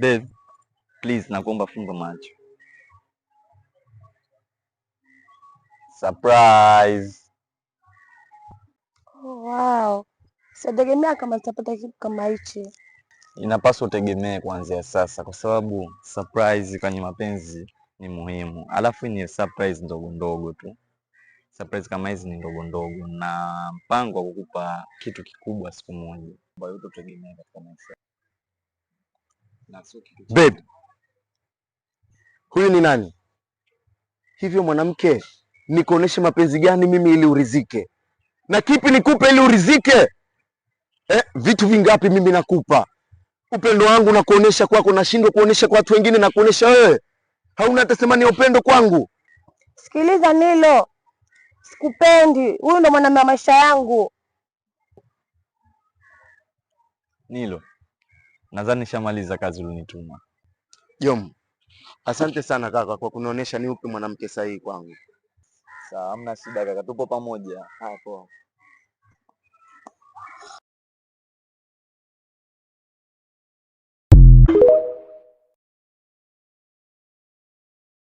Dave, please nakuomba funga macho. Surprise. Oh, wow. Sitegemea kama nitapata kitu kama hichi. Inapaswa utegemee kuanzia sasa, kwa sababu surprise kwenye mapenzi ni muhimu, alafu ni surprise ndogo ndogo tu. Surprise kama hizi ni ndogo ndogo, na mpango wa kukupa kitu kikubwa siku moja Bado utategemea katika maisha Babe, huyu ni nani? Hivyo mwanamke, nikuoneshe mapenzi gani mimi ili urizike? Na kipi nikupe ili urizike? Eh, vitu vingapi mimi nakupa? Upendo wangu kuonesha kwako, nashindwa kuonesha kwa watu wengine, kuonesha wewe. Hauna hata semani ya upendo kwangu. Sikiliza Nilo, sikupendi. Huyu ndo mwanamume wa maisha yangu Nilo. Nadhani shamaliza kazi ulinituma. Jom, asante sana kaka kwa kunionyesha ni upi mwanamke sahihi kwangu. Sawa, hamna shida kaka, tupo pamoja hapo. Ah,